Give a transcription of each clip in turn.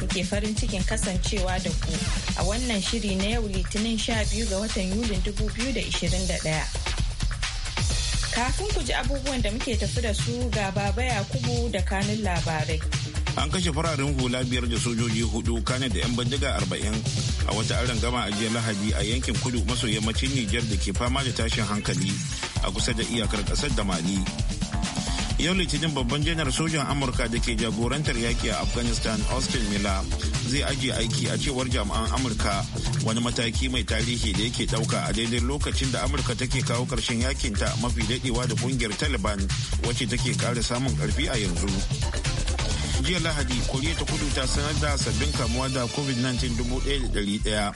muke farin cikin kasancewa da ku a wannan shiri na yau litinin 12 ga watan Yulin 2021. Kafin ku ji abubuwan da muke tafi da su ga baba Yakubu da kanun labarai. An kashe fararen hula biyar da sojoji hudu kane da 'yan bindiga arba'in a wata gama a jiya lahadi a yankin kudu maso yammacin Nijar da ke fama da tashin hankali a kusa da iyakar kasar da Mali. yau litinin babban janar sojan amurka da ke jagorantar yaki a afghanistan austin miller zai ajiye aiki a cewar jami'an amurka wani mataki mai tarihi da yake dauka a daidai lokacin da amurka take kawo karshen yakin ta mafi dadewa da kungiyar taliban wacce take kare samun karfi a yanzu jiya lahadi koriya ta kudu ta sanar da sabbin kamuwa da covid-19 dubu da ɗaya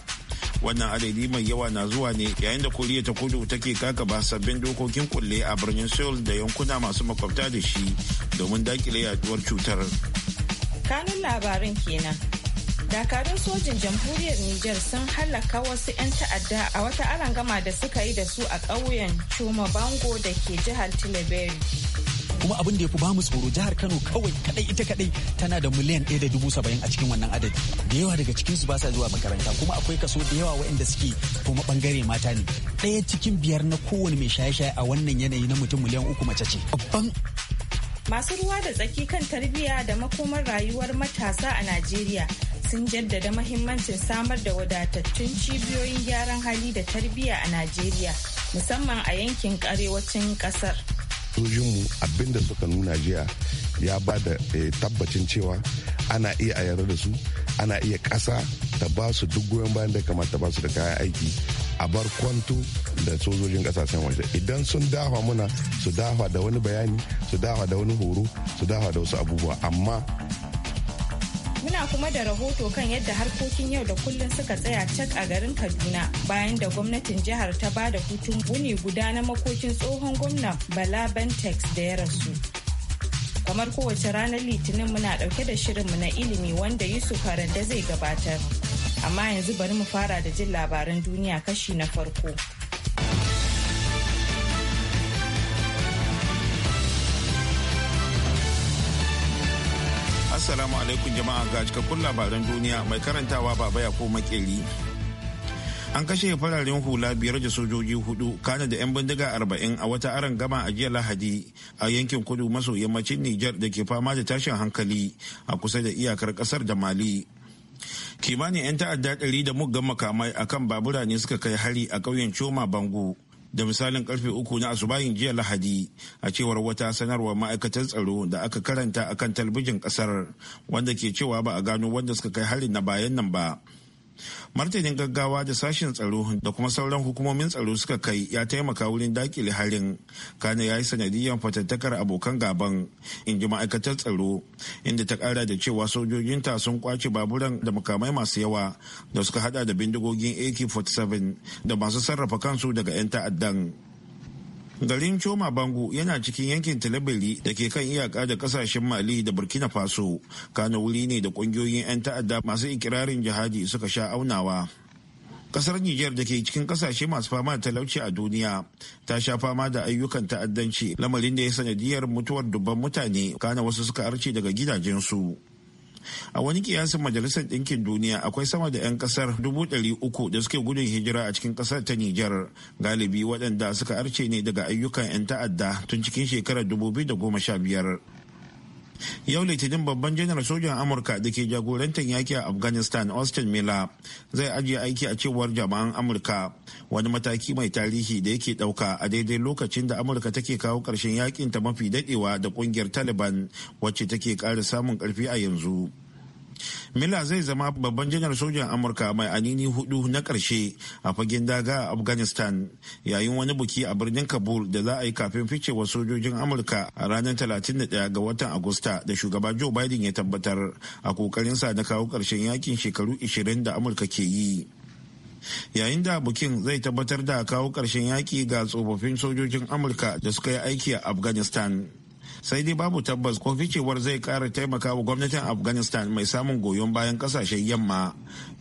wannan adadi mai yawa na zuwa ne yayin da koriya ta kudu take ba sabbin dokokin kulle a birnin seoul da yankuna masu makwabta da shi domin dakile yaduwar cutar kanun labarin kenan dakarun sojin jamhuriyar niger sun halaka wasu 'yan ta'adda a wata arangama da suka yi da su a ƙauyen chuma bango da ke jihar tilaberi kuma abin da ya fi ba mu tsoro jihar kano kawai kadai ita kadai tana da miliyan ɗaya da dubu saba'in a cikin wannan adadi da yawa daga cikin su ba sa zuwa makaranta kuma akwai kaso da yawa waɗanda suke kuma bangare mata ne ɗaya cikin biyar na kowane mai shaye-shaye a wannan yanayi na mutum miliyan uku mace ce babban masu ruwa da tsaki kan tarbiyya da makomar rayuwar matasa a najeriya sun jaddada mahimmancin samar da wadatattun cibiyoyin gyaran hali da tarbiyya a najeriya musamman a yankin arewacin kasar sojinmu abinda suka nuna jiya ya ba da eh, tabbacin cewa ana iya a da su ana iya ƙasa ta ba su duk goyon bayan da kamata ba su da kayan aiki a bar kwanto da sojojin kasashen waje idan sun dafa muna su dafa da wani bayani su dafa da wani horo su dafa da wasu abubuwa amma Muna kuma da rahoto kan yadda harkokin yau da kullum suka tsaya cak a garin Kaduna bayan da gwamnatin jihar ta ba da hutun wuni guda na makokin tsohon gwamna Bala Bentex da ya rasu. Kamar kowace ranar Litinin muna dauke da shirin mu na ilimi wanda Yusuf Haranda zai gabatar. Amma yanzu bari mu fara da jin labaran duniya kashi na farko. Assalamu alaikum jama'a ga cikakkun labaran duniya mai karantawa baba ya ko makeri. An kashe fararen hula biyar da sojoji hudu kana da 'yan bindiga arba'in a wata aron gama a jiya Lahadi a yankin kudu maso yammacin Nijar da ke fama da tashin hankali a kusa da iyakar kasar da Mali. Kimanin 'yan ta'adda ɗari da muggan makamai akan babura ne suka kai hari a ƙauyen Choma Bango. da misalin karfe uku na asubahin jiya lahadi a cewar wata sanarwar ma'aikatan tsaro da aka karanta akan talbijin kasar wanda ke cewa ba a gano wanda suka kai harin na bayan nan ba martanin gaggawa da sashen tsaro da kuma sauran hukumomin tsaro suka kai ya taimaka wurin dakile harin kane ya yi sanadiyyar fatattakar abokan gaban in ji ma'aikatar tsaro inda ta kara da cewa sojojinta sun kwace baburan da makamai masu yawa da suka hada da bindigogin ak-47 da masu sarrafa kansu daga 'yan ta'addan garin choma bangu yana cikin yankin talabiri da ke kan iyaka da kasashen mali da burkina faso kana wuri ne da kungiyoyin 'yan ta'adda masu ikirarin jihadi suka sha aunawa kasar Nijar da ke cikin kasashe masu fama da talauci a duniya ta sha fama da ayyukan ta'addanci lamarin da ya sanadiyar mutuwar dubban mutane kana wasu suka arce daga gidajensu a wani kiyasin majalisar ɗinkin duniya akwai sama da 'yan ƙasar uku da suke gudun hijira a cikin ƙasar ta nijar galibi waɗanda suka arce ne daga ayyukan 'yan ta'adda tun cikin shekarar biyar. yau litinin babban janar sojan amurka da ke jagorantar yaki a afghanistan austin miller zai ajiye aiki a cewar jama'an amurka wani mataki mai tarihi da yake dauka a daidai lokacin da amurka take kawo karshen yakin ta mafi dadewa da kungiyar taliban wacce take kara samun karfi a yanzu Miller zai zama babban janar sojan Amurka mai anini hudu na karshe a fagen daga a Afghanistan yayin wani buki a birnin Kabul da za a yi kafin wa sojojin Amurka a ranar 31 ga watan Agusta da shugaba Joe Biden ya tabbatar a kokarinsa na kawo karshen yakin shekaru 20 da Amurka ke yi. yayin da bukin zai tabbatar da kawo karshen yaki ga tsofaffin sojojin amurka da suka yi aiki a afghanistan sai dai babu tabbas ko ficewar zai kara taimaka wa gwamnatin afghanistan mai samun goyon bayan kasashen yamma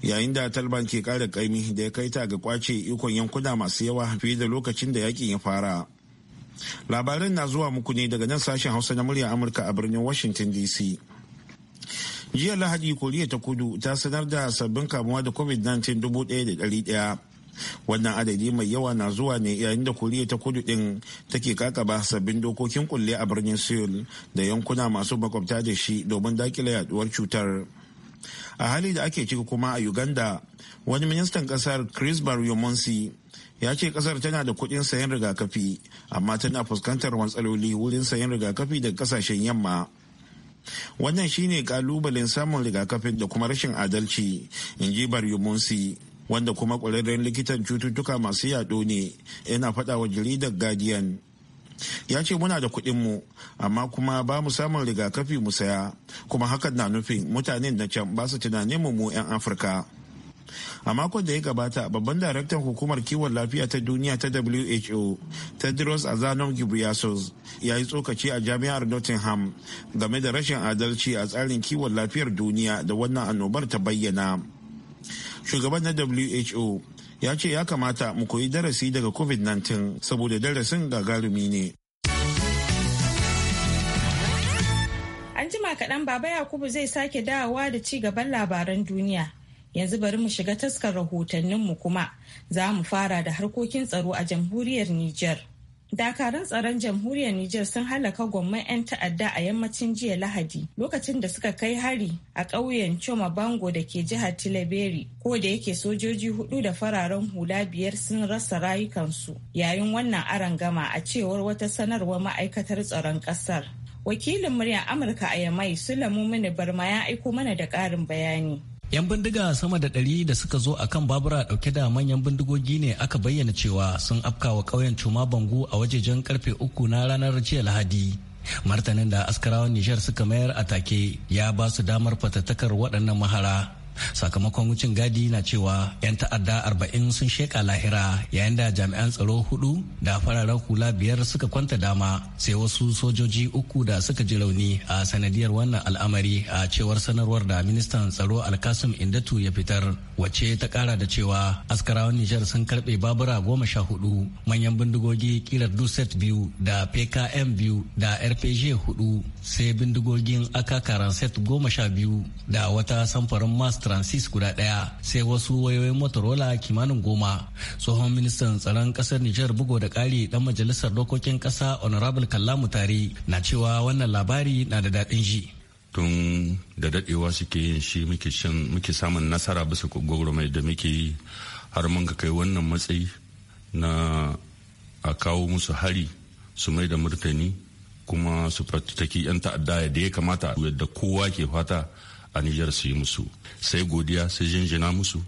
yayin da taliban ke kara kaimi da ya kai ta ga kwace ikon yankuna masu yawa fiye da lokacin da yakin ya fara labarin na zuwa muku ne daga nan sashen hausa na murya amurka a birnin washington dc jiya lahadi koriya ta kudu ta sanar da sabbin kamuwa da covid-19 da dubu ɗaya. wannan adadi mai yawa na zuwa ne yayin da koriya ta kudu din take kakaba sabbin dokokin kulle a birnin seoul da yankuna masu makwabta da shi domin dakile yaduwar cutar a hali da ake ciki kuma a uganda wani ministan kasar chris baryomonsi ya ce kasar tana da kudin sayan rigakafi amma tana fuskantar matsaloli wurin sayan rigakafi daga kasashen yamma wannan shine kalubalen samun rigakafin da kuma rashin adalci in ji baryomonsi wanda kuma ƙwararren likitan cututtuka masu yaɗo ne yana faɗa wa jaridar guardian ya ce muna da kuɗinmu amma kuma ba mu samun rigakafi mu saya kuma hakan na nufin mutanen na can ba su tunanin mu mu 'yan afirka a makon da ya gabata babban daraktan hukumar kiwon lafiya ta duniya ta who tedros adhanom ghebreyesus ya yi tsokaci a jami'ar nottingham game da rashin adalci a tsarin kiwon lafiyar duniya da wannan annobar ta bayyana shugaban na who ya ce ya kamata mu koyi darasi daga covid-19 saboda darasin gagarumi ne an jima kaɗan baba yakubu zai sake dawowa da ci gaban labaran duniya yanzu bari mu shiga taskar rahotanninmu kuma za mu fara da harkokin tsaro a jamhuriyar niger Dakarun tsaron jamhuriyar Nijar sun halaka gwamman 'yan ta'adda a yammacin jiya Lahadi lokacin da suka kai hari a ƙauyen Choma Bango da ke jihar Tilaberi ko da yake sojoji hudu da fararen hula biyar sun rasa rayukansu yayin wannan arangama a cewar wata sanarwar ma'aikatar tsaron ƙasar. Wakilin muryar Amurka a Yamai Sulamu Mini Barma ya aiko mana da ƙarin bayani. 'Yan bindiga sama da ɗari da suka zo a kan babura ɗauke da manyan bindigogi ne aka bayyana cewa sun afka wa ƙauyen Cuma Bangu a wajejen karfe uku na ranar jiya Lahadi. Martanin da askarawan Nijar suka mayar a take ya ba su damar fatattakar waɗannan mahara. sakamakon wucin gadi na cewa 'yan ta'adda arba'in sun sheka lahira yayin da jami'an tsaro hudu da fararen hula biyar suka kwanta dama sai wasu sojoji uku da suka ji rauni a sanadiyar wannan al'amari a cewar sanarwar da ministan tsaro alkasim indatu ya fitar wacce ta kara da cewa askarawan nijar sun karbe babura goma sha hudu manyan bindigogi kirar duset biyu da pkm biyu da rpg hudu sai bindigogin akakaran set goma sha biyu da wata samfarin mas transis guda ɗaya sai wasu wayoyin motorola kimanin goma tsohon ministan tsaron ƙasar nijar bugo da ƙari ɗan majalisar dokokin ƙasa honorable kallamu tare na cewa wannan labari na da daɗin ji tun da daɗewa suke yin shi muke samun nasara bisa mai da muke yi har mun ka kai wannan matsayi na a kawo musu hari su mai da murtani kuma su fatattaki 'yan ta'adda da ya kamata yadda kowa ke fata a Nijar su yi musu sai godiya sai jinjina musu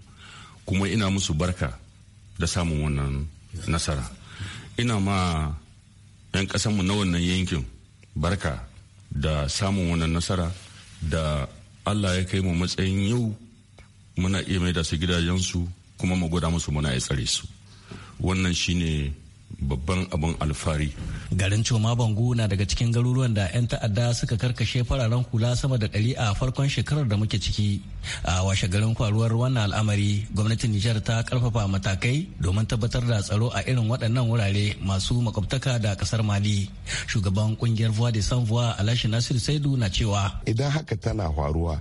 kuma ina musu barka da samun wannan nasara ina ma 'yan kasanmu na wannan yankin barka da samun wannan nasara da Allah ya kai mu matsayin yau muna iya mai da su gidajensu kuma mu gwada musu muna ya tsare su wannan shine babban abin alfari. Garin Coma Bangu na daga cikin garuruwan da 'yan ta'adda suka karkashe fararen hula sama da ɗari a farkon shekarar da muke ciki. A washe garin faruwar wannan al'amari, gwamnatin Nijar ta karfafa matakai domin tabbatar da tsaro a irin waɗannan wurare masu makwabtaka da ƙasar Mali. Shugaban ƙungiyar Voix de San Voix Alhaji Nasir Saidu na cewa. Idan haka tana faruwa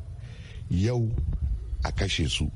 yau a kashe su,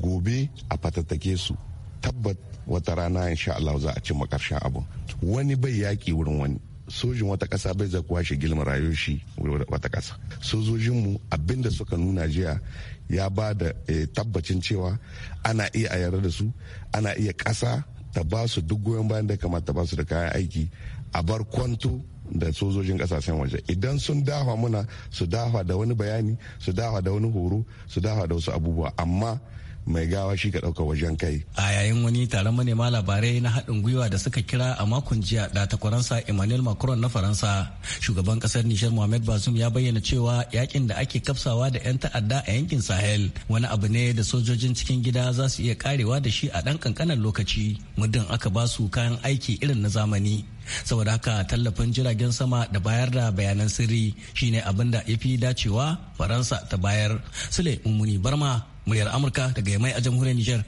gobe a fatattake su, tabbat wata rana sha Allah za a ci makarshen abu wani bai yaki wurin wani sojin wata ƙasa bai zakuwa shi gilma rayo shi wata ƙasa sojojinmu abinda suka nuna jiya ya ba da eh, tabbacin cewa ana iya a yarda da su ana iya ƙasa ta ba su duk goyon bayan da kamata ba su da kayan aiki a bar kwanto da sojojin kasashen waje idan sun dafa muna su dafa da wani bayani su dafa da wani horo su dafa da wasu abubuwa amma mai gawa shi ka ɗauka wajen kai. A yayin wani taron manema labarai na haɗin gwiwa da suka kira a makon jiya da takwaransa Emmanuel Macron na Faransa, shugaban ƙasar Nishar Mohamed Bazoum ya bayyana cewa yakin da ake kafsawa da 'yan ta'adda a yankin Sahel wani abu ne da sojojin cikin gida za su iya karewa da shi a ɗan ƙanƙanin lokaci muddin aka ba su kayan aiki irin na zamani. saboda haka tallafin jiragen sama da bayar da bayanan sirri shine abin da ya fi dacewa faransa ta bayar sule mummuni barma muryar amurka daga yamai a jamhuriyar Nijar.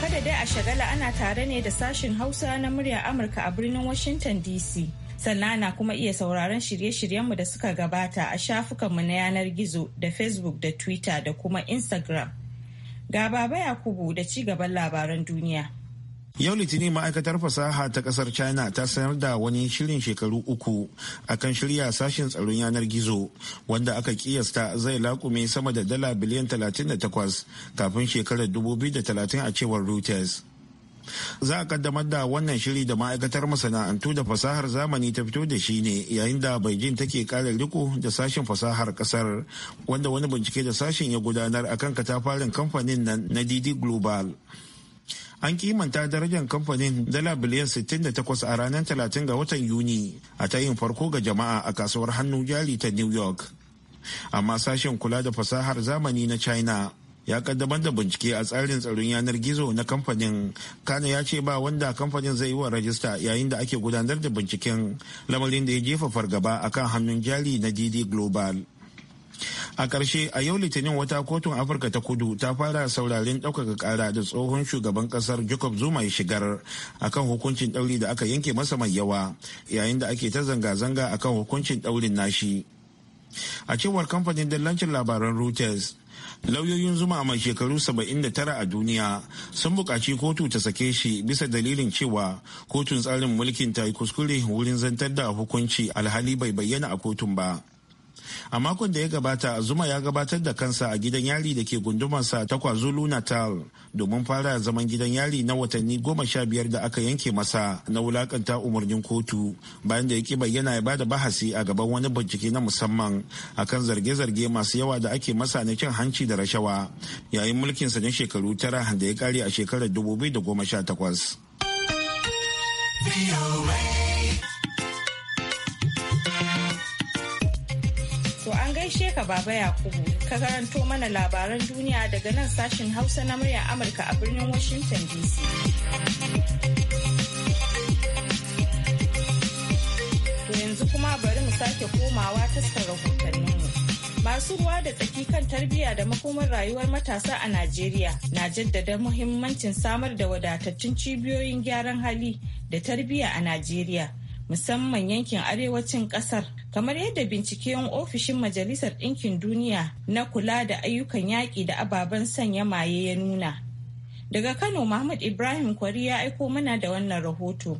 kada dai a shagala ana tare ne da sashin hausa na murya amurka a birnin washington dc sannan na kuma iya sauraron shirye-shiryenmu da suka gabata a shafukanmu na yanar gizo da facebook da twitter da kuma instagram ga baba yakubu da ci gaban labaran duniya Yau Litinin ma'aikatar fasaha ta kasar China ta sanar da wani shirin shekaru uku a kan shirya sashen tsaron yanar gizo wanda aka kiyasta zai lakume sama da dala biliyan 38 kafin shekarar 2030 a cewar Reuters. Za a kaddamar da wannan shiri da ma'aikatar masana'antu da fasahar zamani ta fito da shi ne yayin da Beijing take kare riko da sashen fasahar kasar wanda wani bincike da sashen ya gudanar akan katafarin kamfanin nan na DD Global an kimanta darajar kamfanin dala biliyan 68 a ranar 30 ga watan yuni a tayin farko ga jama'a a kasuwar hannu jari ta new york amma sashen kula da fasahar zamani na china ya kaddamar da bincike a tsarin tsaron yanar gizo na kamfanin kana ya ce ba wanda kamfanin zai yi wa rajista yayin da ake gudanar da binciken lamarin da ya jefa fargaba akan hannun jari na dd global a ƙarshe a yau litinin wata kotun afirka ta kudu ta fara sauraren ɗaukaka ƙara da tsohon shugaban ƙasar jacob zuma ya shigar akan hukuncin ɗauri da aka yanke masa mai yawa yayin da ake ta zanga-zanga akan hukuncin ɗaurin nashi a cewar kamfanin dallancin labaran reuters lauyoyin zuma mai shekaru 79 a duniya sun buƙaci kotu ta sake shi bisa dalilin cewa kotun tsarin mulkin ta yi kuskure wurin zantar da hukunci alhali bai bayyana a kotun ba a makon da ya gabata zuma ya gabatar da kansa a gidan yari da ke gundumarsa ta kwazulu natal domin fara zaman gidan yari na watanni goma sha biyar da aka yanke masa na wulakanta umarnin kotu bayan da ya ki bayyana ya bada bahasi a gaban wani bincike na musamman akan zarge-zarge masu yawa da ake masa na cin hanci da rashawa yayin mulkinsa na shekaru tara da ya kare a shekarar dubu biyu da goma sha 2018. Baba Yakubu ka karanto mana labaran duniya daga nan sashen Hausa na murya Amurka a birnin Washington DC. To yanzu kuma bari mu sake komawa taskar rahotanninmu. Masu ruwa da tsaki kan tarbiyya da makomar rayuwar matasa a Najeriya na jaddada muhimmancin samar da wadatattun cibiyoyin gyaran hali da tarbiyya a Najeriya. musamman yankin arewacin kasar kamar yadda binciken ofishin majalisar ɗinkin duniya na kula da ayyukan yaƙi da ababen sanya maye ya nuna daga kano mahmud ibrahim kwari ya aiko mana da wannan rahoto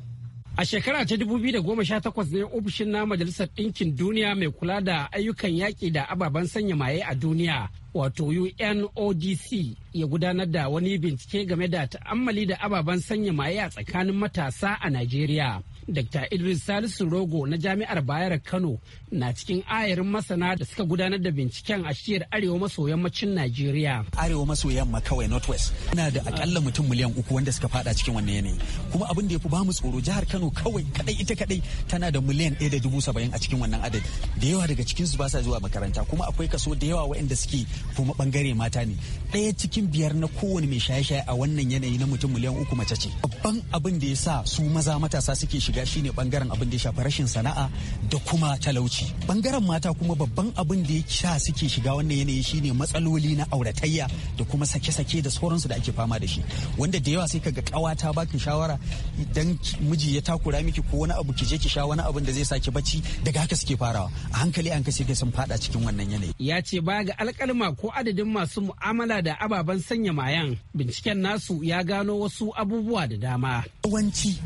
A shekara ta 2018 ne ofishin na Majalisar Ɗinkin Duniya mai kula da ayyukan yaƙi da ababen sanya maye a duniya wato UNODC ya gudanar da wani bincike game da ta'ammali da ababen sanya maye a tsakanin matasa a Najeriya. Dr. Idris Salisu Rogo na Jami'ar Bayar Kano na cikin ayarin masana da suka gudanar da binciken a shiyar arewa maso yammacin Najeriya. Arewa maso yamma kawai Northwest na da akalla mutum miliyan uku wanda suka fada cikin wannan yanayi. Kuma abin da ya fi bamu tsoro jihar Kano kawai kadai ita kadai tana da miliyan ɗaya da dubu saba'in a cikin wannan adadi. Da yawa daga cikin su ba sa zuwa makaranta kuma akwai kaso da yawa waɗanda suke kuma bangare mata ne. Ɗaya cikin biyar na kowane mai shaye-shaye a wannan yanayi na mutum miliyan uku mace ce. Babban abin da ya sa su maza matasa suke shiga shiga shine bangaren abin da ya shafi rashin sana'a da kuma talauci bangaren mata kuma babban abin da ya sha suke shiga wannan yanayi shine matsaloli na auratayya da kuma sake-sake da sauransu da ake fama da shi wanda da yawa sai kaga kawa ta baki shawara idan miji ya takura miki ko wani abu ki je ki sha wani abin da zai saki bacci daga haka suke farawa a hankali an kasi sun fada cikin wannan yanayi ya ce baya ga alkalma ko adadin masu mu'amala da ababen sanya mayan binciken nasu ya gano wasu abubuwa da dama yawanci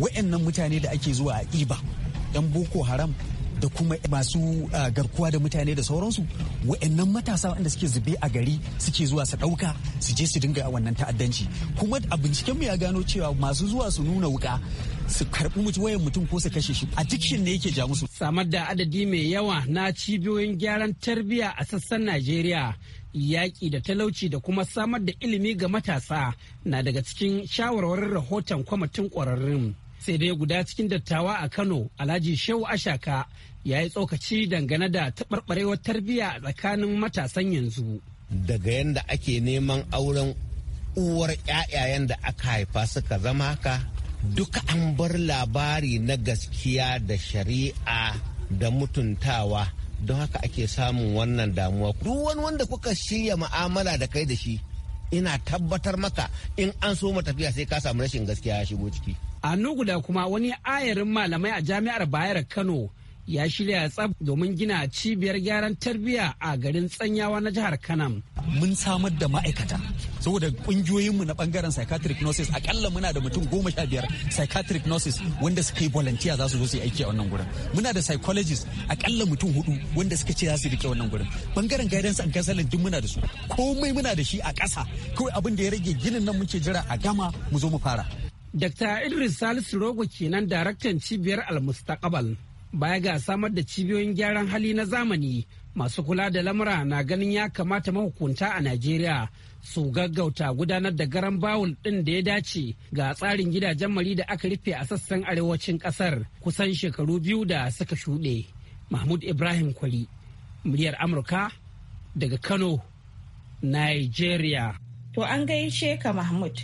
wa'annan mutane mutane da ake zuwa a iba yan boko haram da kuma masu garkuwa da mutane da sauransu wa'annan matasa wanda suke zube a gari suke zuwa su ɗauka su je su dinga wannan ta'addanci kuma a bincikenmu ya gano cewa masu zuwa su nuna wuka su karɓi wayan mutum ko su kashe shi a dikshin ne yake ja musu. samar da adadi mai yawa na cibiyoyin gyaran tarbiyya a sassan najeriya yaƙi da talauci da kuma samar da ilimi ga matasa na daga cikin shawarwarin rahoton kwamitin ƙwararrun. sai dai guda cikin dattawa a kano alhaji shehu ashaka ya yi tsokaci dangane da taɓarɓarewar tarbiyya a tsakanin matasan yanzu daga yadda ake neman auren uwar ƴaƴayen da aka haifa suka zama ka duka an bar labari na gaskiya da shari'a da mutuntawa don haka ake samun wannan damuwa duk wani wanda kuka shirya ma'amala da kai da shi ina tabbatar maka in an so tafiya sai ka samu rashin gaskiya ya shigo ciki a hannu guda kuma wani ayarin malamai a jami'ar bayar kano ya shirya tsab domin gina cibiyar gyaran tarbiyya a garin tsanyawa na jihar kanam mun samar da ma'aikata saboda kungiyoyinmu na bangaren psychiatric nurses akalla muna da mutum goma sha biyar psychiatric nurses wanda suka yi volunteer za su zo su yi aiki a wannan gurin muna da psychologist akalla mutum hudu wanda suka ce za su rike wannan gurin bangaren guidance and counseling duk muna da su komai muna da shi a ƙasa kawai abin da ya rage ginin nan muke jira a gama mu zo mu fara Dr. Idris Salisu Rogo kenan daraktan cibiyar Almustaqabal. Baya ga samar da cibiyoyin gyaran hali na zamani masu kula da lamura na ganin ya kamata mahukunta a Najeriya su gaggauta gudanar da garan bawul ɗin da ya dace ga tsarin gidajen mari da aka rufe a sassan arewacin ƙasar kusan shekaru biyu da suka shuɗe. Mahmud Ibrahim Kwali, muryar Amurka daga Kano, Nigeria. To an gaishe ka Mahmud.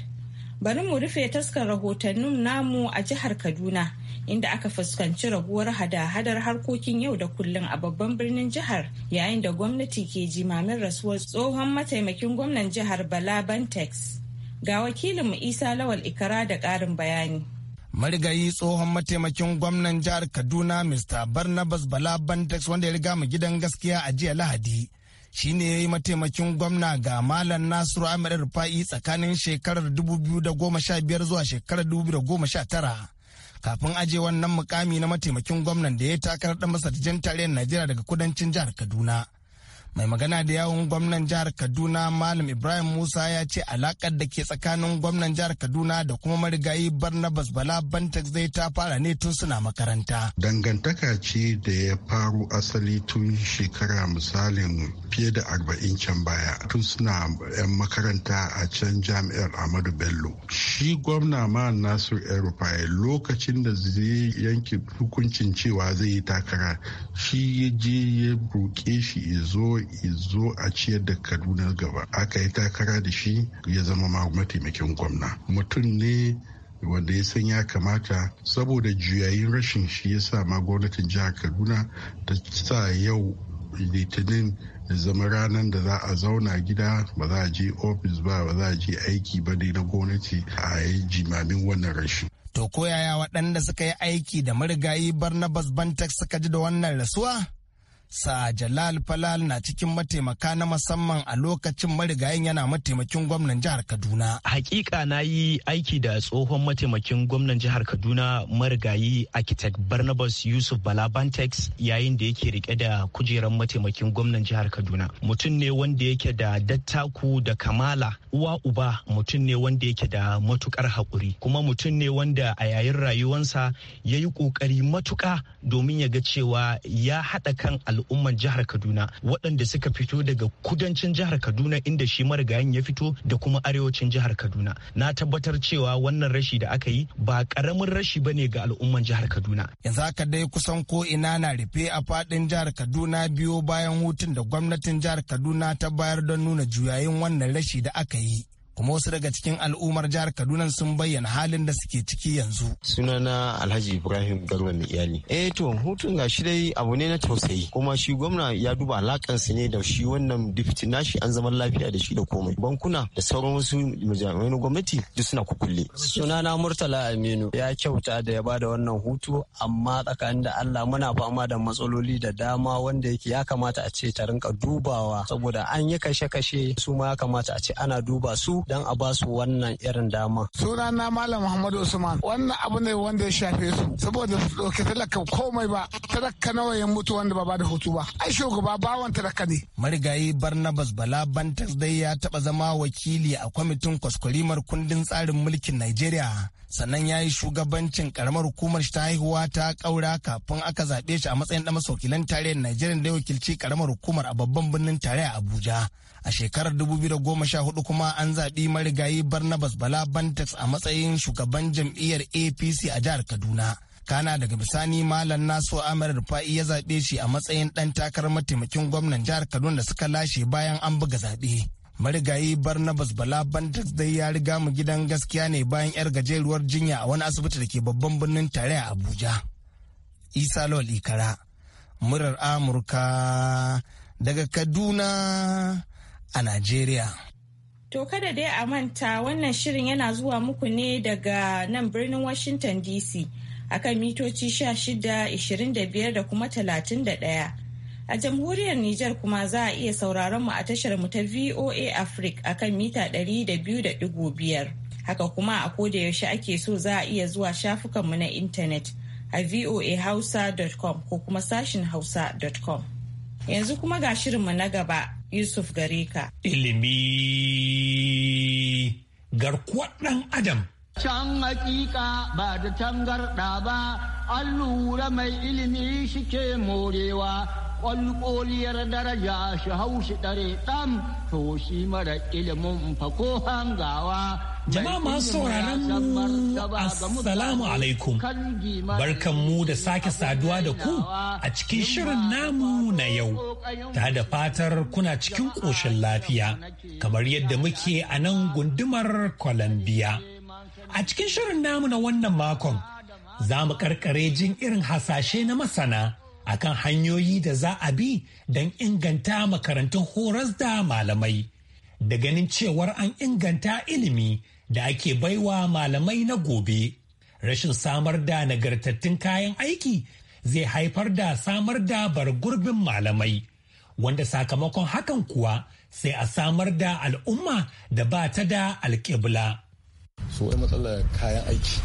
bari mu rufe taskar rahotannin namu a jihar kaduna inda aka fuskanci raguwar hada-hadar harkokin yau da kullum a babban birnin jihar yayin da gwamnati ke jimamin rasuwar tsohon mataimakin gwamnan jihar bala bantex ga wakilinmu isa lawal ikara da karin bayani marigayi tsohon mataimakin gwamnan jihar kaduna mr barnabas bala bantex wanda ya riga mu gidan gaskiya a jiya lahadi shine ya yi mataimakin gwamna ga Malam Nasiru amir Rufa'i tsakanin shekarar 2015 zuwa shekarar 2019. Kafin aje wannan mukami na mataimakin gwamnan da ya takarar masa masarjan tarayyar Najeriya daga kudancin jihar Kaduna. mai magana da yawun gwamnan jihar kaduna malam ibrahim musa ya ce alakar da ke tsakanin gwamnan jihar kaduna da kuma marigayi barnabas bala bantak zai ta fara ne tun suna makaranta dangantaka ce da ya faru asali tun shekara misalin fiye da arba'in can baya tun suna yan makaranta a can jami'ar Amadu bello shi gwamna ma nasir erufai lokacin da zai yanke hukuncin cewa zai yi takara shi ya je ya roƙe shi ya zo zo a ciyar da kaduna gaba aka yi takara da shi ya zama mataimakin gwamna mutum ne wanda ya san ya kamata saboda juyayin rashin shi ya sa ma gwamnatin jihar kaduna ta sa yau litinin da zama ranar da za a zauna gida ba za a je ofis ba ba za a je aiki ba ne na gwamnati a yi jimamin wannan rashin to koyaya waɗanda suka yi aiki da marigayi barnabas bantak suka ji da wannan rasuwa sa jalal falal na cikin mataimaka na musamman a lokacin marigayin yana mataimakin gwamnan jihar kaduna hakika na yi aiki da tsohon mataimakin gwamnan jihar kaduna marigayi architect barnabas yusuf balabantex yayin da yake rike da kujerar mataimakin gwamnan jihar kaduna mutum ne wanda yake da dattaku da kamala uwa uba mutum ne wanda yake da matukar hakuri kuma mutum ne wanda a yayin rayuwansa ya yi ƙoƙari matuƙa domin ya ga cewa ya haɗa kan al al'umman jihar Kaduna waɗanda suka fito daga kudancin jihar Kaduna inda shi marigayin ya fito da kuma arewacin jihar Kaduna. Na tabbatar cewa wannan rashi da aka yi ba ƙaramin rashi ba ne ga al'umman jihar Kaduna. Yanzu haka dai kusan ko ina na rufe a faɗin jihar Kaduna biyo bayan hutun da gwamnatin jihar Kaduna ta bayar don nuna juyayin wannan rashi da aka yi. kuma wasu daga cikin al'ummar jihar kaduna sun bayyana halin da suke ciki yanzu sunana alhaji ibrahim garba garwan iyali eh to hutun ga shi dai abu ne na tausayi kuma shi gwamna ya duba alakan su ne da shi wannan dipti nashi an zama lafiya da shi da komai bankuna da sauran wasu majami'ai na gwamnati duk suna kukulle sunana murtala aminu ya kyauta da ya bada wannan hutu amma tsakanin da allah muna fama da matsaloli da dama wanda yake ya kamata a ce ta rinka dubawa saboda an yi kashe-kashe su ma ya kamata a ce ana duba su don a ba su wannan irin dama. na Malam Muhammadu Usman wannan abu ne wanda ya shafe su saboda su ɗauki talaka komai ba talaka nawa ya mutu wanda ba ba da hutu ba ai shugaba bawan talaka ne. Marigayi Barnabas Bala Bantas dai ya taɓa zama wakili a kwamitin kwaskwarimar kundin tsarin mulkin Najeriya sannan ya yi shugabancin karamar hukumar shi ta haihuwa ta ƙaura kafin aka zaɓe shi a matsayin ɗan masaukilan tarayyar Najeriya da ya wakilci karamar hukumar a babban birnin tarayya Abuja. A shekarar 2014 kuma an zaɓe faɗi marigayi barnabas bala Bantex a matsayin shugaban jam'iyyar apc a jihar kaduna kana daga bisani malam nasu amir rufa'i ya zaɓe shi a matsayin ɗan takarar mataimakin gwamnan jihar kaduna da suka lashe bayan an buga zaɓe marigayi barnabas bala dai ya riga mu gidan gaskiya ne bayan yar gajeruwar jinya a wani asibiti da ke babban birnin tare a abuja isa lawal ikara murar amurka daga kaduna a najeriya To kada dai a manta wannan shirin yana zuwa muku ne daga nan birnin Washington DC akan mitoci 16-25 da kuma 31. A jamhuriyar Nijar kuma za a iya sauraron mu a tashar mu ta VOA Africa akan mita 200.5. Haka kuma a koda yaushe ake so za a iya zuwa shafukanmu na intanet a voahausa.com ko kuma sashin hausa.com. Yanzu kuma ga shirinmu na gaba. Yusuf gare Ilimi garkuwar ɗan Adam. Can hakika ba da tangarɗa ba, an lura mai ilimi shike morewa Kwalkwaliyar daraja shi haushi ɗare ɗan to shi mara ilimin fa ko hangawa. Jama'a masu sauraron mu assalamu alaikum barkan mu da sake saduwa da ku a cikin shirin namu na yau ta da fatar kuna cikin koshin lafiya kamar yadda muke a nan gundumar Columbia. A cikin shirin namu na wannan makon za mu karkare jin irin hasashe na masana akan hanyoyi da za a bi don inganta makarantun horas da malamai da ganin cewar an inganta ilimi da ake baiwa malamai na gobe rashin samar da nagartattun kayan aiki zai haifar da samar da bargurbin malamai wanda sakamakon hakan kuwa sai a samar da al'umma da ba ta da alƙibla. so matsalar kayan aiki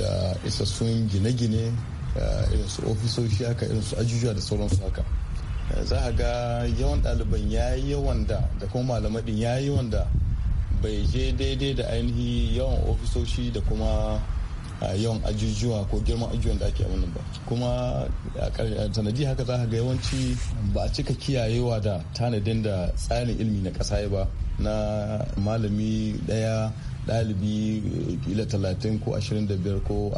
da isassun gine-gine Eh, irin su ofisoshi haka irin su ajujuwa da sauransu haka eh, za a ga yawan ɗaliban ya yi yawan da da kuma malamai ya yi yawan da bai je daidai da ainihi yawan ofisoshi da kuma ah, yawan ajujuwa ko girman ajujuwan da ake amina ba kuma sanadi haka za a ga yawanci ba a cika kiyayewa da tanadin da tsarin ilimi na ƙasa ba na malami daya dalibi eh, kila talatin ko ashirin da biyar ko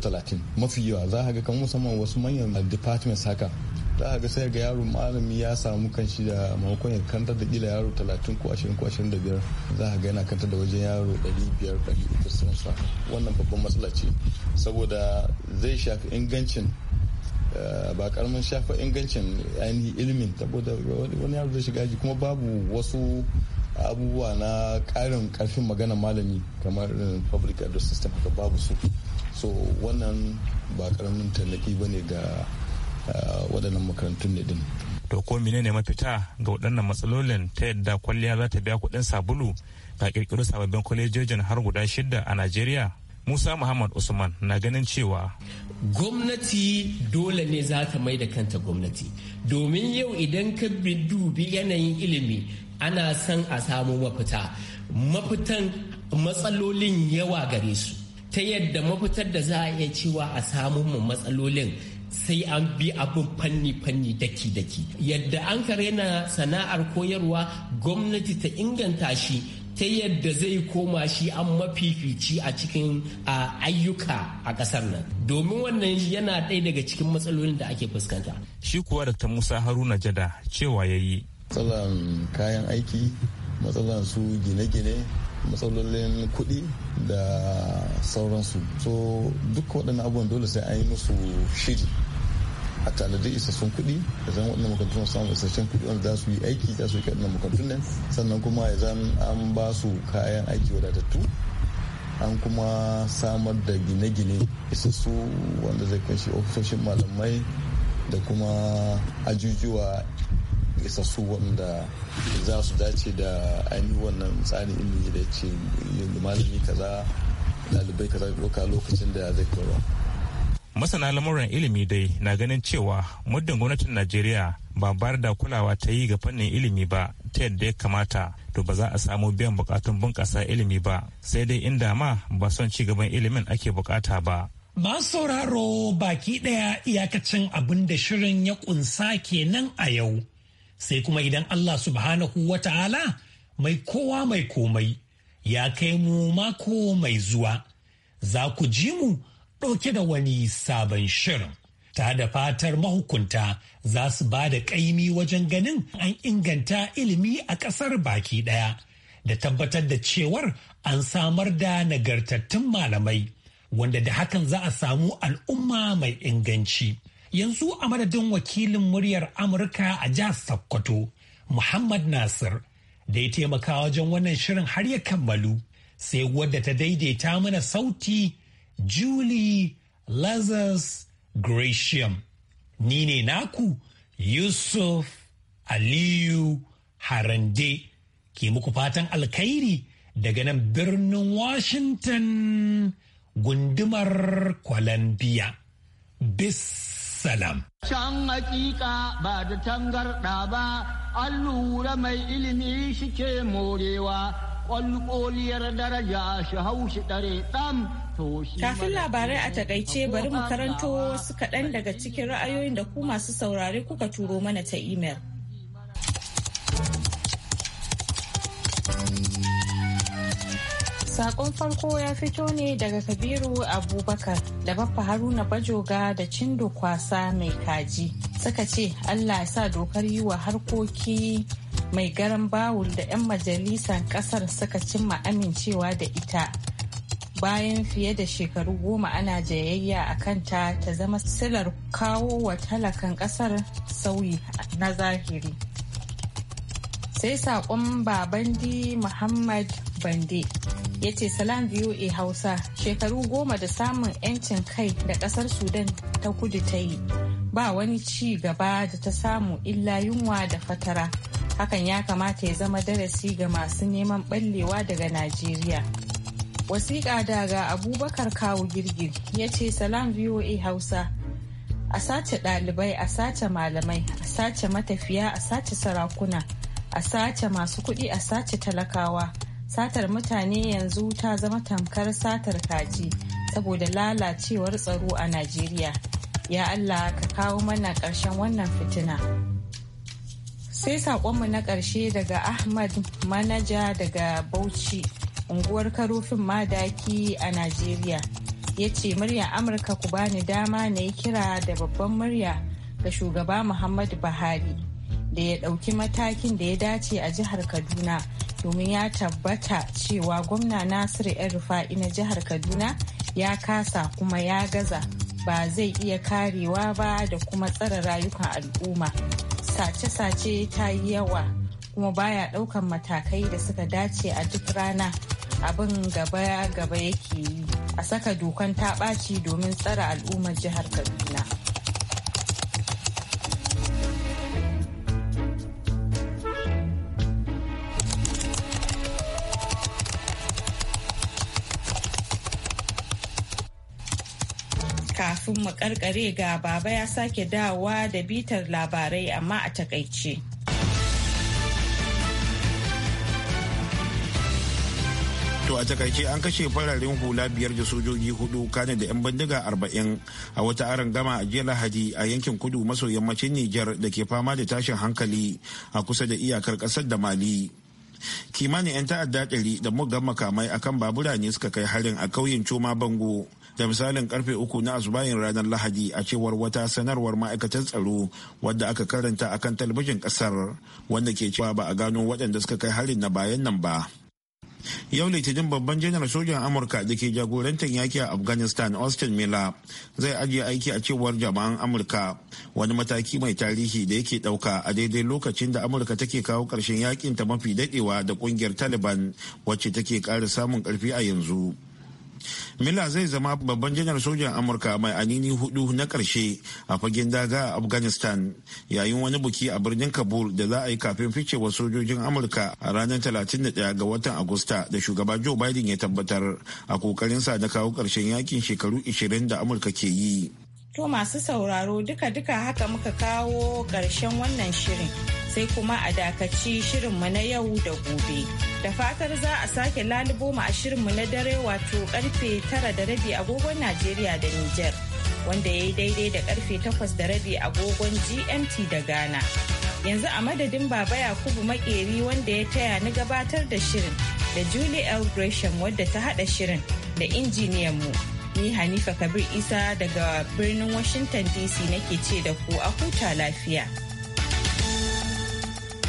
talatin mafi yawa za ga kan musamman wasu manyan departments haka za ga sai ga yaro malami ya samu kanshi da maimakon ya kantar da kila yaro talatin ko ashirin ko ashirin da biyar za ga yana kantar da wajen yaro dari biyar dari uku sun sa wannan babban matsala ce saboda zai shafi ingancin eh, ba karamin shafa ingancin ainihin ilimin saboda wani yaro zai shiga ji kuma babu wasu abubuwa na karin karfin magana malami kamar public address system haka babu su so wannan ba karamin tallafi ba ne ga ah, waɗannan makarantun ne din to ko menene mafita ga waɗannan matsalolin ta yadda kwalliya za ta biya kuɗin sabulu ga ƙirƙiro sababbin kwalejojin har guda shida a najeriya Musa Muhammad Usman na ganin cewa gwamnati dole ne za ta mai da kanta gwamnati domin yau idan ka bi dubi yanayin ilimi ana son a samu mafita mafitan matsalolin yawa gare su ta yadda mafitar da za a iya cewa a samu matsalolin sai an bi abin fanni-fanni daki-daki yadda an karena sana'ar koyarwa gwamnati ta inganta shi ta yadda zai koma shi an mafifici a cikin ayyuka a ƙasar nan domin wannan yana ɗaya daga cikin matsalolin da ake fuskanta shi kuwa da ta musa haruna jada cewa ya yi matsalan kayan aiki matsalan su gine-gine matsalolin kuɗi da sauransu so duk waɗannan abubuwan dole sai an yi musu shiri a tanadi isassun kuɗi da zan waɗannan makarantun samun isasshen kuɗi wanda za su yi aiki za su yi waɗannan makarantun nan sannan kuma ya zan an ba su kayan aiki wadatattu an kuma samar da gine-gine isassu wanda zai kunshi ofisoshin malamai da kuma ajujuwa isassu wanda za su dace da ainihin wannan tsarin ilimi da ce malami kaza dalibai kaza doka lokacin da zai koyarwa. masana lamuran ilimi dai na ganin cewa muddin gwamnatin najeriya ba bayar da kulawa ta yi ga fannin ilimi ba ta yadda ya kamata to ba za a samu biyan bukatun bunƙasa ilimi ba sai dai inda ma ba son ci gaban ilimin ake bukata ba ba sauraro baki ɗaya iyakacin abin da shirin ya kunsa kenan a yau sai kuma idan Allah subhanahu wa ta'ala mai kowa mai komai ya kai mu mako mai zuwa za ku ji mu ɗauke da wani sabon shirin. Ta da fatar mahukunta za su ba da ƙaimi wajen ganin an inganta ilimi a ƙasar baki ɗaya da tabbatar da cewar an samar da nagartattun malamai wanda da hakan za a samu al'umma mai inganci. yanzu a madadin wakilin muryar amurka a jihar sokoto muhammad nasir da ya taimaka wajen wannan shirin har ya kammalu sai wadda ta daidaita mana sauti julie lazarus gratium ni ne naku yusuf aliyu harande ke muku fatan alkhairi daga nan birnin washington gundumar columbia bis Salam. Can hakika ba da tangarɗa ba, an lura mai ilimi shi ke morewa, ƙwalƙoliyar daraja shi hau shi ɗare ɗan Kafin labarai a taƙaice, bari mu karanto su kaɗan daga cikin ra'ayoyin da ku masu saurare kuka turo mana ta imel. Sakon farko ya fito ne daga Kabiru Abubakar da Baffa Haruna Bajoga da Cindo Kwasa mai kaji. Suka ce Allah sa dokar yi wa harkoki mai garan bawul da 'yan majalisar kasar suka cimma amincewa da ita. Bayan fiye da shekaru goma ana jayayya a kanta ta zama silar kawo wa talakan kasar sauyi na zahiri. Sai saƙon Babandi Muhammad Bande ya ce salam voa hausa shekaru goma da samun 'yancin kai da kasar sudan ta kudu ta yi ba wani ci gaba da ta samu illa yunwa da fatara hakan ya kamata ya zama darasi ga masu neman ɓallewa daga najeriya wasiƙa daga abubakar kawo girgir ya ce salam voa hausa a sace ɗalibai a sace malamai a sace matafiya a sace sarakuna a sace masu kuɗi a sace talakawa satar mutane yanzu ta zama tamkar satar kaji saboda lalacewar tsaro a najeriya ya allah ka kawo mana ƙarshen wannan fitina sai saƙonmu na ƙarshe daga ahmad manaja daga bauchi unguwar karofin madaki a najeriya ya ce "Murya amurka ku bani dama na yi kira da babban murya ga shugaba muhammadu buhari da ya ɗauki matakin da ya dace a jihar kaduna domin ya tabbata cewa gwamna nasiru yan rufa'i na jihar kaduna ya kasa kuma ya gaza ba zai iya karewa ba da kuma tsara rayukan al'umma sace-sace ta yi yawa kuma baya ɗaukan matakai da suka dace a duk rana abin gaba-gaba yake yi a saka dokan ta ɓaci domin tsara al'ummar jihar kaduna Kafin mu karkare ga baba ya sake dawa da bitar labarai amma a takaice. To a takaice an kashe fararen hula biyar da sojoji hudu kane da 'yan bindiga arba'in a wata aron gama a jiya lahadi a yankin kudu maso yammacin Nijar da ke fama da tashin hankali a kusa da iyakar kasar da Mali. Kimanin 'yan ta'adda ɗari da mugan makamai akan babura ne suka kai harin a ƙauyen Coma Bango da misalin karfe uku na azubayin ranar lahadi a cewar wata sanarwar ma'aikatan tsaro wadda aka karanta a kan talabijin kasar wanda ke cewa ba a gano waɗanda suka kai harin na bayan nan ba yau litinin babban janar sojan amurka da ke jagorantar yaki a afghanistan austin miller zai ajiye aiki a cewar jama'an amurka wani mataki mai tarihi da yake dauka a daidai lokacin da amurka take kawo karshen yakin ta mafi dadewa da kungiyar taliban wacce take kara samun karfi a yanzu Miller zai zama babban janar sojan Amurka mai anini hudu na karshe a fagen daga a Afghanistan yayin wani buki a birnin Kabul da za a yi kafin ficewar sojojin Amurka a ranar 31 ga watan Agusta da shugaba Joe Biden ya tabbatar a kokarinsa na kawo ƙarshen yakin shekaru 20 da Amurka ke yi. To masu sauraro duka-duka haka muka kawo ƙarshen wannan shirin sai kuma a dakaci shirinmu na yau da gobe. Da fatar za a sake lalubo mu a shirinmu na dare wato karfe tara da rabi agogon Najeriya da Nijar wanda ya yi daidai da karfe takwas da rabi agogon GMT da Ghana. Yanzu a madadin Baba Yakubu Makeri wanda ya taya ni gabatar da shirin da Julie L. Gresham wadda ta haɗa shirin da injiniyan mu. Ni Hanifa Kabir Isa daga birnin Washington DC nake ce da ku a huta lafiya.